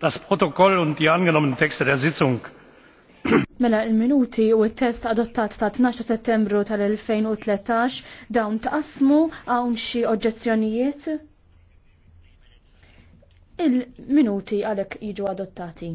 das protokoll und die angenommenen texte der sitzung Mela il-minuti u il-test adottat ta' 12 settembru tal-2013 dawn taqsmu għawn xi oġġezzjonijiet. Il-minuti għalek jiġu adottati.